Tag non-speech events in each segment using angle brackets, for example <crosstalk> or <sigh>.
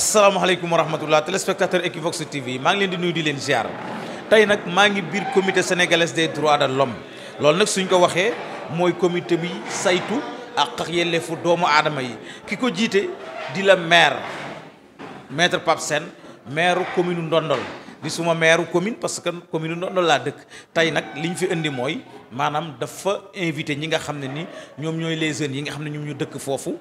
asalaamaaleykum wa rahmatullah téléspectateur Equivox TV maa ngi leen di nuyu di leen ziar tey nag maa ngi biir comité sénégalais des droits de l'homme loolu nag suñ ko waxee mooy comité bi saytu ak yelleefu doomu aadama yi ki ko jiite di la maire maître Pape Sène maire commune Ndondol di suma maire commune parce que commune Ndondol laa dëkk tey nag li fi indi mooy maanaam dafa invité ñi nga xam ne ni ñoom ñooy les jeunes yi nga xam ne ñoom ñu dëkk foofu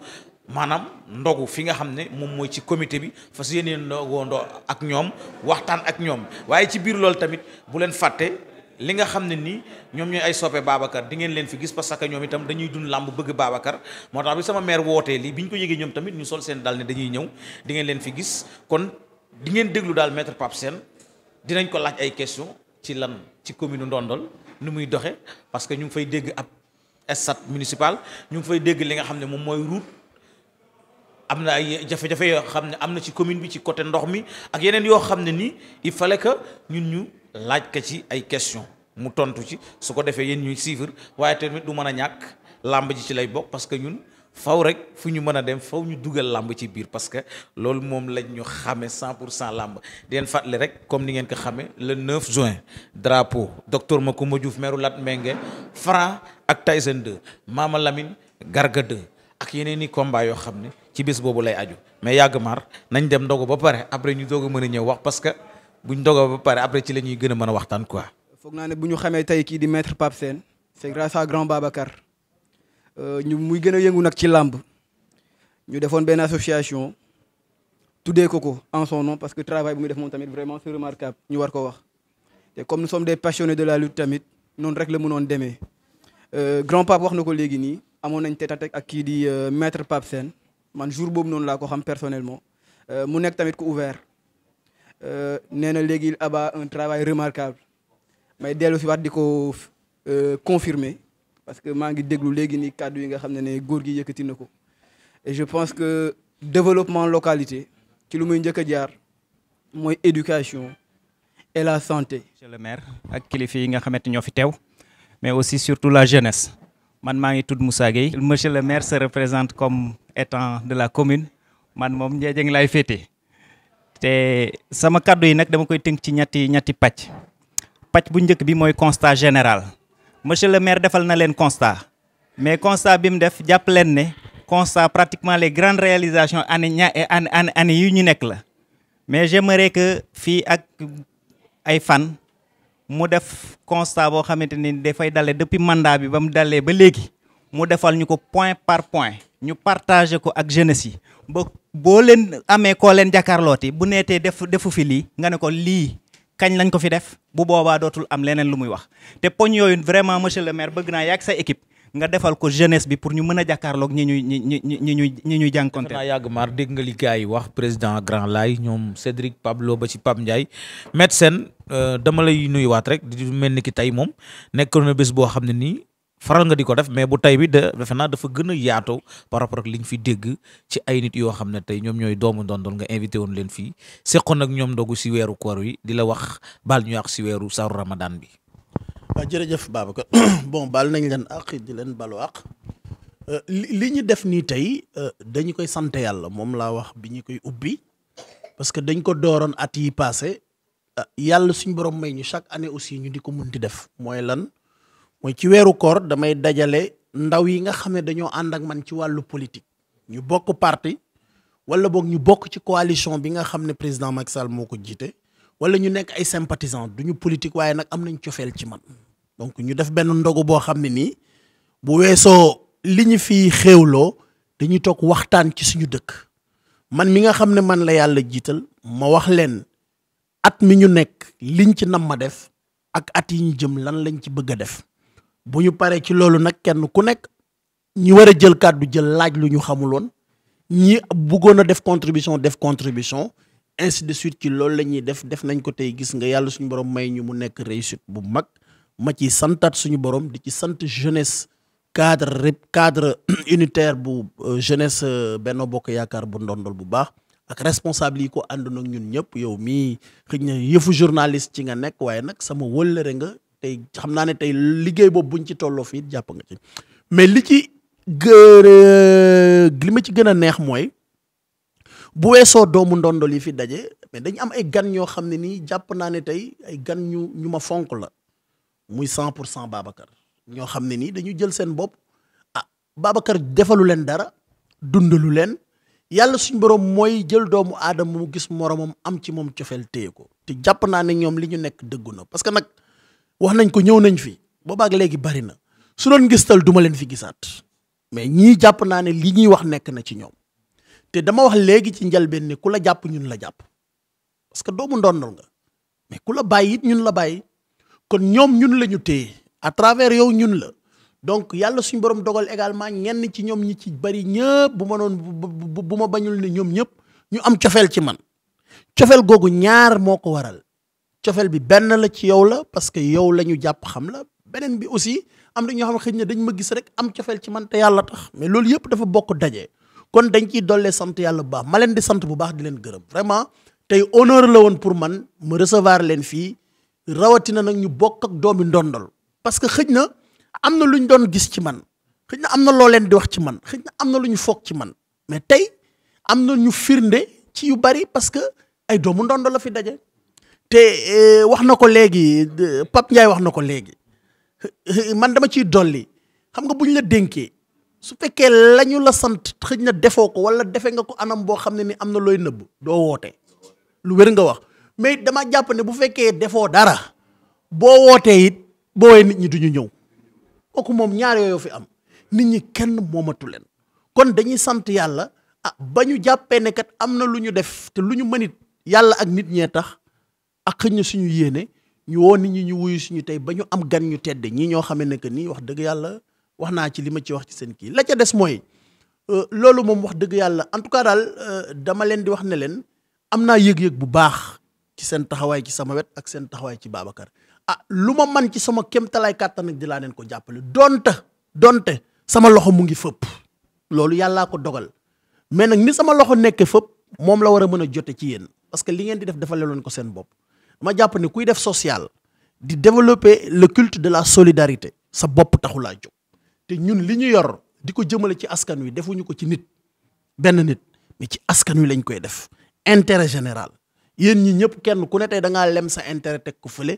maanaam ndogu fi nga xam ne moom mooy ci comité bi fas yéenee ndogoo ndo ak ñoom waxtaan ak ñoom waaye ci biir loolu tamit bu leen fàtte li nga xam ne nii ñoom ñooy ay soppe Babacar di ngeen leen fi gis parce que ñoom itam dañuy dund làmb bëgg Babacar moo tax bi sama maire wootee lii bi ñu ko yëgee ñoom tamit ñu sol seen dal ne dañuy ñëw di ngeen leen fi gis kon di ngeen déglu daal maître Pape dinañ ko laaj ay question ci lan ci commune Ndondol nu muy doxe parce que ñu ngi fay dégg ab stade municipal ñu ngi fay dégg li nga xam ne moom mooy route am na ay jafe-jafe yoo xam ne am na ci commune bi ci côté ndox mi ak yeneen yoo xam ne nii il fale que ñun ñu laaj ko ci ay question mu tontu ci su ko defee yéen ñuy suivre waaye tamit du mën a ñàkk làmb ji ci lay bokk parce que ñun faw rek fu ñu mën a dem faw ñu dugal làmb ci biir parce que loolu moom lañ ñu xamee cent pour cent làmb den leen rek comme ni ngeen ko xamee le 9 juin drapeau ma Macoumba Diouf lat Latmingué Franc ak Tyson 2 Mama Lamine Garga 2 ak yeneen i combat yoo xam ne ci bés boobu lay aju mais yàgg maar nañ dem ndogu ba pare après ñu doog a mën a ñëw wax parce que buñ ndogoo ba pare après ci la ñu gën a mën a waxtaan quoi. foog naa ne bu ñu xamee tey kii di maître Pape Sène c'est grâce à grand Babacar euh, ñu muy gën a yëngu nag ci làmb ñu defoon benn association tuddee ko ko en son nom que travail bu muy def moom tamit vraiment c'est remarquable ñu war ko wax te comme nous sommes des passionnés de la lutte tamit noonu rek la mënoon demee euh, grand wax na ko léegi nii. amoon nañ tête ak kii di euh, maître Pape Sène man jour boobu noonu laa ko xam personnellement euh, mu nekk tamit ku ouvert euh, nee na léegi il abat un travail remarquable may dellu si di ko confirmer parce que maa ngi déglu léegi nii kàddu yi nga xam ne ne góor gi yëkkati na ko je pense que développement localité ci lu muy njëkk a jaar mooy éducation et la santé. monsieur ak kilifa yi nga xamante ñoo fi teew mais aussi surtout la jeunesse. man maa ngi tudd Moussa Gueye monsieur le maire se représente comme étant de la commune man moom Ndiédiène laay féete te sama kàddu yi nag dama koy tënk ci ñetti ñetti pàcc pàcc bu njëkk bi mooy constat général monsieur le maire defal na leen constat mais constat bi mu def jàpp leen ne constat pratiquement les grandes réalisations année ña année année yu ñu nekk la mais j'aimerais que fii ak ay fan mu def constat boo xamante ni dafay dalee depuis mandaa bi ba mu dalee ba léegi mu defal ñu ko point par point ñu partagé ko ak jeunesse yi ba boo leen amee koo leen jàkkaarlooti bu neetee def defu fi lii nga ne ko lii kañ lañ ko fi def bu boobaa dootul am leneen lu muy wax te poñ yooyu vraiment monsieur le maire bëgg naa ak sa équipe nga defal ko jeunesse bi pour ñu mën a jàkkaarloog ñi ñuy ñi ñi ñi ñuy ñi ñuy jànkonte naa yàgg maar dégg nga li wax président Grand Laye ñoom Cédric Pablo ba ci Pape Ndiaye médecin euh, dama lay nuyuwaat rek di mel ni ki tey moom nekkoon na bés boo xam ne nii faral nga di ko def mais bu tey bi de defe naa dafa gën a yaatoo par rapport ak li ñu fi dégg ci ay nit yoo xam ne tey ñoom ñooy doomu Ndondol nga invité woon leen fii seqoon ak ñoom dogu si weeru kor yi di la wax baal ñu a si weeru saru bi. waaw jërëjëf Babacar <clears throat> bon baal nañ leen àq di leen balu àq euh, li ñu def nii tey euh, dañu koy sant yàlla moom laa wax bi ñu koy ubbi parce que dañ ko dooroon at yi passé euh, yàlla suñu borom may ñu chaque année aussi ñu di ko mun di def mooy lan mooy ci weeru koor damay dajale ndaw yi nga xam ne dañoo ànd ak man ci wàllu politique ñu bokk parti wala boog ñu bokk ci coalition bi nga xam ne président Macky Sall moo ko jiite wala ñu nekk ay sympathisants duñu politique waaye nag am nañ cofeel ci man donc ñu def benn ndogu boo xam ne nii bu weesoo li ñu fi xewloo dañuy toog waxtaan ci suñu dëkk man mi nga xam ne man la yàlla jiital ma wax leen at mi ñu nekk liñ ci nam ma def ak at yi ñu jëm lan lañ ci bëgg a def bu ñu paree ci loolu nag kenn ku nekk ñi war a jël kàddu jël laaj lu ñu xamuloon ñi bëggoon a def contribution def contribution ainsi de suite ci loolu la ñuy def def nañ ko tey gis nga yàlla suñu borom may ñu mu nekk réussite bu mag ma ci santaat suñu borom di ci sant jeunesse cadre cadre <clears throat> unitaire bu euh, jeunesse euh, benn Bokk Yaakaar bu ndondol bu baax ak responsable yi ko àndoon ak ñun ñëpp yow mii xëy na yëfu journaliste ci nga nekk waaye nag sama wëllëre nga tey xam naa ne tey liggéey boobu buñ ci tolloo fii jàpp nga ci mais li ci gë li ma ci gën a neex mooy bu weesoo doomu ndondol yi fi daje mais dañu am ay gan ñoo xam ne nii jàpp naa ne tey ay gan ñu ñu ma fonk la muy cent pour cent Babacar ñoo xam ne nii dañu jël seen bopp ah Babacar defalu leen dara dundalu leen yàlla suñ borom mooy jël doomu aadama mu gis moromam am ci moom cofeel téye ko te jàpp naa ne ñoom li ñu nekk dëggu na parce que nag wax nañ ko ñëw nañ fi boobaak léegi bari na su doon gistal duma leen fi gisaat mais ñii jàpp naa ne li ñuy wax nekk na ci ñoom te dama wax léegi ci njëlbeen ne ku la jàpp ñun la jàpp parce que doomu ndondol nga mais ku la bàyyi it la bàyyi kon ñoom ñun la ñu téye à travers yow ñun la donc yàlla suñu borom dogal également ñenn ci ñoom ñi ci bari ñëpp bu ma doon bu ma bañul ne ñoom ñëpp ñu am cofeel ci man cofeel googu ñaar moo ko waral cofeel bi benn la ci yow la parce que yow la ñu jàpp xam la beneen bi aussi am na ñoo xam ne xëy na dañ ma gis rek am cofeel ci man te yàlla tax mais loolu yëpp dafa bokk daje kon dañ ciy dollee sant yàlla bu baax ma leen di sant bu baax di leen gërëm vraiment tey pour man mu recevoir leen fii rawatina nag ñu bokk ak doomi ndondol parce que xëj na am na lu ñu doon gis ci man xëj na am na loo leen di wax ci man xëj na am na lu ñu foog ci man mais tey am na ñu firnde ci yu bari parce que ay doomu ndondol la fi daje te eh, wax na ko léegi Pape Ndiaye wax na ko léegi man dama ciy dolli xam nga bu ñu la dénkee su fekkee lañu la sant xëj na defoo ko wala defe nga ko anam boo xam ne ni am na looy nëbb doo woote lu wér nga wax mais dama jàpp ne bu fekkee defoo dara boo wootee it boowee nit ñi duñu ñu ñëw kooku moom ñaar yooyu fi am nit ñi kenn moomatu leen kon dañuy sant yàlla a ah, ba ñu jàppee ne kat am na lu ñu def te lu ñu mënit yàlla ak nit ñee tax ak xëñ na suñu yéene ñu woo nit ñi ñu wuyu suñu tey ba ñu am gan ñu tedd ñii ñoo xame ne que nii wax dëgg yàlla wax naa ci li ma ci wax ci seen kii la ca des mooy euh, loolu moom wax dëgg yàlla en tout cas daal euh, dama leen di wax ne leen am naa yëg-yëg bu baax ci seen taxawaay ci sama wet ak seen taxawaay ci Babacar ah lu ma man ci sama kéemtalaay kàttan nag di laa leen ko jàppale donte donte sama loxo mu ngi fëpp loolu yàllaa ko dogal mais nag ni sama loxo nekkee fëpp moom la war a mën a jote ci yéen parce que li ngeen di def dafa leloon ko seen bopp ma jàpp ne kuy def social di développer le culte de la solidarité sa bopp taxulaa jóg te ñun li ñu yor di ko jëmale ci askan wi defuñu ko ci nit benn nit ci askan wi lañ koy def général yéen ñi ñëpp kenn ku ne tey da lem sa intérêt teg ko fële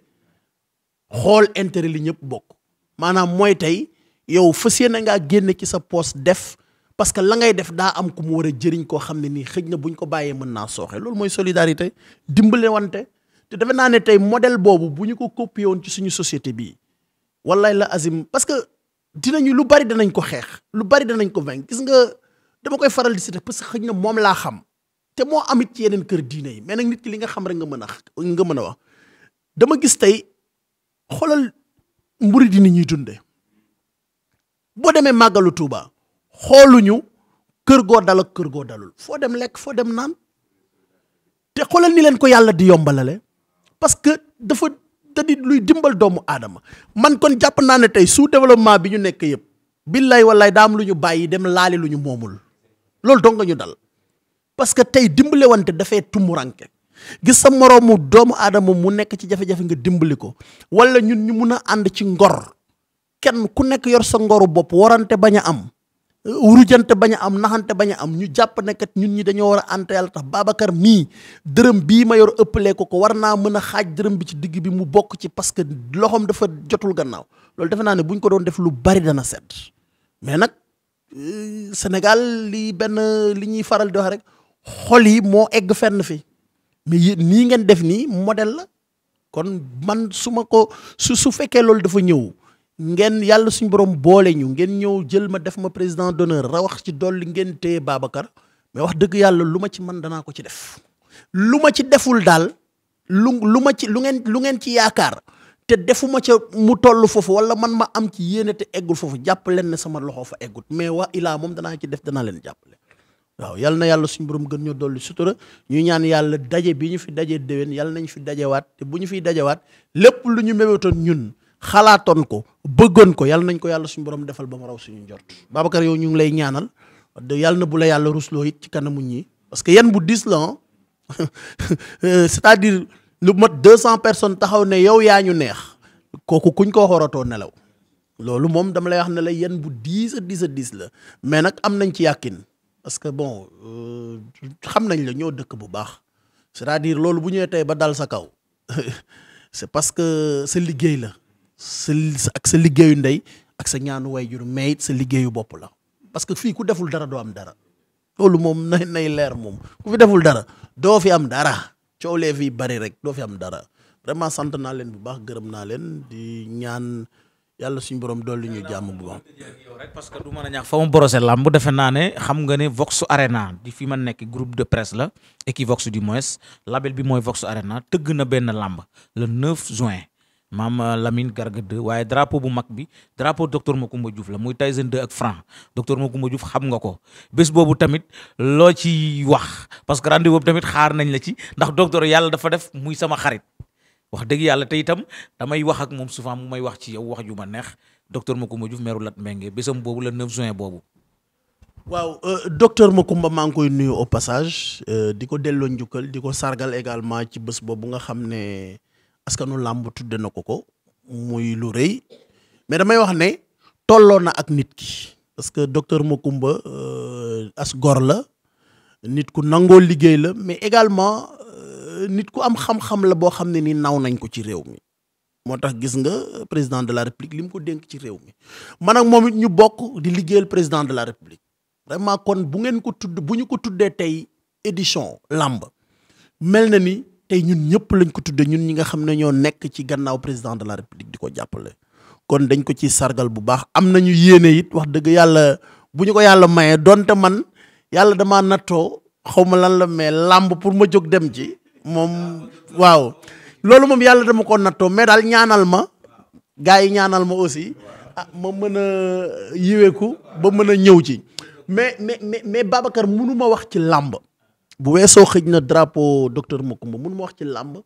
xool intérêt li ñëpp bokk maanaam mooy tey yow fas yéene ngaa génne ci sa poos def parce que la ngay def daa am ku mu war a jëriñ koo xam ne nii xëj na buñ ko bàyyee mën naa sooxee loolu mooy solidarité dimbale wante te defe naa ne tey modèle boobu bu ñu ko copié woon ci suñu société bii wallaay la azim parce que dinañu lu bari danañ ko xeex lu bari danañ ko vainc gis nga dama koy faral di citer parce que xëj na moom laa xam te moo amit ci yeneen kër diine yi mais nag nit ki li nga xam rek nga mën a nga mën a wax dama gis tey xoolal mburi di nit ñuy dunde boo demee màggalu Tuuba xooluñu kër goo dal kër goo dalul foo dem lekk foo dem naan te xoolal ni leen ko yàlla di yombalale parce que dafa da luy dimbal doomu aadama man kon jàpp naa ne tey sous développement bi ñu nekk yëpp billaay wallaay daa lu ñu bàyyi dem laali lu ñu moomul loolu dong nga ñu dal parce que tey dimbale wante dafay tumuranke gis sa moroomu doomu aadama mu nekk ci jafe-jafe nga dimbali ko wala ñun ñu mun a ànd ci ngor kenn ku nekk yor sa ngoru bopp warante bañ a am wurujante bañ am naxante bañ am ñu jàpp ne ñun ñi dañoo war a ànd yàlla tax Babacar mii dërëm bii ma yor ëppalee ko ko war naa mën a xaaj dërëm bi ci digg bi mu bokk ci parce que loxoom dafa jotul gannaaw loolu defe naa ne buñ ko doon def lu bari dana set mais nag euh, Sénégal li benn li ñuy faral di wax rek. xol yi moo egg fenn fi mais nii ngeen def nii model la kon man su ma ko su su fekkee loolu dafa ñëw ngeen yàlla suñ borom boole ñu ngeen ñëw jël ma def ma président d'honneur rawax ci dolli ngeen téye Babacar mais wax dëgg yàlla lu ma ci man danaa ko ci def lu ma ci deful daal lu lu ma ci lu ngeen lu ngeen ci yaakaar te defu defuma ca mu toll foofu wala man ma am ci yéene te eggul foofu jàpp leen ne sama loxo fa eggut mais waa ilaa moom danaa ci def danaa leen jàppale waaw yal na yàlla suñu borom gën ñoo dolli sutura ñuy ñaan yàlla daje bi ñu fi dajee déwén yal nañu fi waat te bu ñu fiy dajewaat lépp lu ñu mébétoon ñun xalaatoon ko bëggoon ko yal nañ ko yàlla suñu borom defal ba mu raw suñu njort Babacar yow ñu ngi lay ñaanal yal na bu la yàlla rusloo it ci kanamu ñi parce que yan bu diis la <laughs> cest à lu mat deux cent personnes taxaw ne yow yaa ñu neex kooku kuñ ko xoratoo nelaw loolu moom dama lay wax ne la yan bu diis a diis la mais nag am nañ ci yàqin parce que bon euh, xam nañ la ñoo dëkk bu baax c'est-à-dire loolu bu ñëwee tey ba dal sa kaw <laughs> c'est parce que sa liggéey la sa ak sa liggéeyu ndey ak sa ñaanu waajur mais it sa liggéeyu bopp la parce que fii ku deful dara doo am dara loolu moom nay nay leer moom ku fi deful dara doo fi am dara coow lee fi bari rek doo fi am dara vraiment sant naa leen bu baax gërëm naa leen di ñaan yàlla suñu borom dolli ñu jàmm bu baax. parce que du mën a fa mu borosé làmb defe naa ne xam nga ne Vox Arena di fi ma nekk groupe de presse la Equivox du moins label bi mooy Vox Arena tëgg na benn làmb le 9 juin. maam euh, Lamine Garga 2 waaye drapeau bu mag bi drapeau docteur Macoumba Diouf la muy Tyson 2 ak franc docteur Macoumba Diouf xam nga ko bés boobu tamit loo ci wax parce que rendez-vous boobu tamit xaar nañ la ci ndax docteur yàlla dafa def muy sama xarit wax dëgg yàlla te itam damay wax ak moom souvent mu may wax ci yow wax ju ma neex ma Macoumba Diouf meeru Lat Mbengue bésam boobu le 9 juin boobu. waaw euh, docteur Macoumba maa ngi koy nuyu passage euh, di ko delloo njukkal di ko sargal également ci bés boobu nga xam ne askanu làmb na ko ko muy lu rëy mais damay wax ne tolloo na ak nit parce que docteur Macoumba euh, as gor la nit ku nangoo liggéey la mais également. nit ku am xam-xam la boo xam ne nii naw nañ ko ci réew mi moo tax gis nga président de la république li mu ko dénk ci réew mi man ak moom it ñu bokk di liggéeyal président de la république vraiment kon bu ngeen ko tudd bu ñu ko tuddee tey édition làmb mel na ni tey ñun ñëpp lañ ko tuddee ñun ñi nga xam ne ñoo nekk ci gannaaw président de la république di ko jàppale kon dañ ko ci sargal bu baax am nañu yéene it wax dëgg yàlla bu ñu ko yàlla mayee donte man yàlla damaa nattoo xaw ma lan la mais làmb pour ma jóg dem ci moom waaw loolu moom yàlla dama ko nattoo mais daal ñaanal ma gars yi ñaanal ma aussi ah ma mën a yiweeku ba mën a ñëw ci mais mais mais mais Babacar mënu ma wax ci làmb bu weesoo xëj na drapeau docteur Macoumba mënu ma wax ci làmb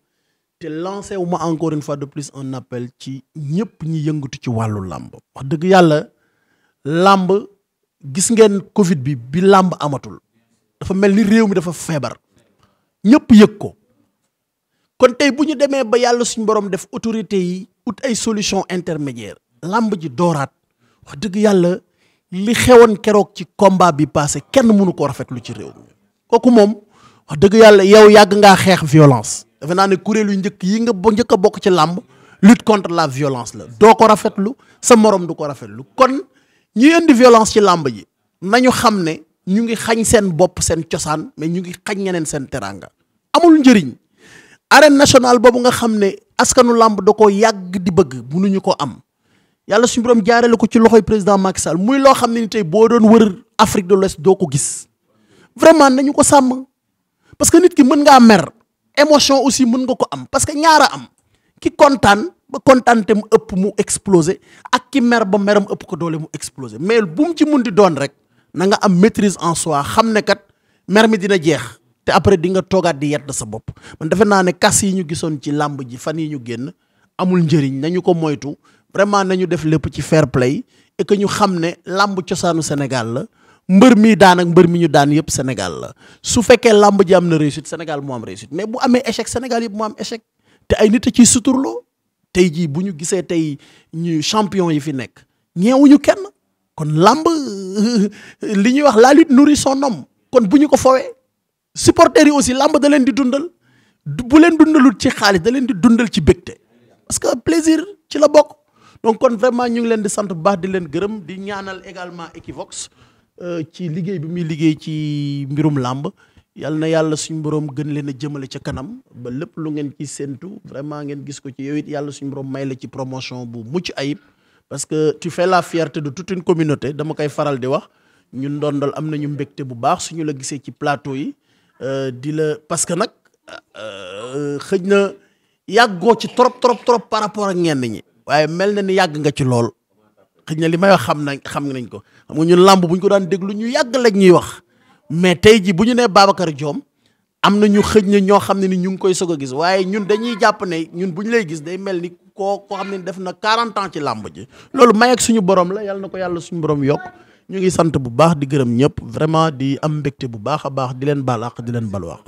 te lancé wu ma encore une fois de plus un appel ci ñëpp ñi yëngatu ci wàllu làmb wax dëgg yàlla làmb gis ngeen Covid bi bi làmb amatul dafa mel ni réew mi dafa feebar ñëpp yëg ko kon tey bu ñu demee ba yàlla suñu borom def autorité yi ut ay solution intermédiaire làmb ji dooraat wax dëgg yàlla li xewoon keroog ci combat bi passé kenn mënu ko rafetlu ci réew mi kooku moom wax dëgg yàlla yow yàgg ngaa xeex violence dafe naa ne kuréel njëkk yi nga njëkk a bokk ci làmb lutte contre la violence la doo ko rafetlu sa morom du ko rafetlu kon ñuy indi violence ci làmb ji nañu xam ne ñu ngi xañ seen bopp seen cosaan mais ñu ngi xañ ñeneen seen teraanga amul njëriñ arène nationale boobu nga xam ne askanu làmb da koo yàgg di bëgg mënuñu ko am yàlla suñu borom jaarale ko ci loxoy président Macky Sall muy loo xam ne ni tey boo doon wër Afrique de l'Ouest doo ko gis vraiment na ñu ko sàmm parce que nit ki mën ngaa mer émotion aussi mën nga ko am parce que ñaara am ki kontaan ba kontaante mu ëpp mu explosé ak ki mer ba meram ëpp ko doole mu explosé mais bu mu ci mun di doon rek na nga am maitrise en soi xam ne kat mer mi dina jeex te après di nga toogaat di yedd sa bopp man defe naa ne kas yi ñu gisoon ci làmb ji fan yi ñu génn amul njëriñ na ñu ko moytu vraiment ñu def lépp ci fair play et ñu xam ne làmb cosaanu Sénégal la mbër mii daan ak mbër mi ñu daan yëpp Sénégal la su fekkee làmb ji am na réussite Sénégal moo am réussite mais bu amee échec Sénégal yëpp moo am échec te ay nit a ciy suturloo tey jii bu ñu gisee tey ñu champion yi fi nekk ñeewuñu kenn kon làmb <laughs> li ñuy wax la lutte nourrit son homme kon bu ñu ko fowee supporters yi aussi làmb da leen di dundal bu leen dundalut ci xaalis da leen di dundal ci bégte parce que plaisir ci la bokk donc kon vraiment ñu ngi leen di sant bu baax di leen gërëm di ñaanal également Equivox euh, ci liggéey bi muy liggéey ci mbirum làmb yal na yàlla suñu borom gën leen a jëmale ca kanam ba lépp lu ngeen ci séentu vraiment ngeen gis ko ci yow it yàlla suñu borom may la ci promotion bu mucc ayib parce que tu fais la fierté de toute une communauté dama koy faral di wax ñun Ndondol am nañu mbégte bu baax suñu la gisee ci plateau yi Euh, di la parce que nag euh, xëj na yàggoo ci trop trop trop par rapport ak ñenn ñi. waaye mel na ni yàgg nga ci lool xëj na li may wax xam nañ xam nañ ko xam nga ñun làmb bu ñu ko daan déglu ñu yàgg lañ ñuy wax mais tey ji bu ñu nee Babacar Diome am na ñu xëj na ñoo xam ne ni ñu ngi koy soog a gis waaye ñun dañuy jàpp ne ñun bu ñu lay gis day mel ni koo koo xam ne def na 40 ans ci làmb ji loolu may ak suñu borom la yàlla na ko yàlla suñu borom yokk. ñu ngi sant bu baax di gërëm ñëpp vraiment di am mbégte bu baax a baax di leen baal di leen balu àq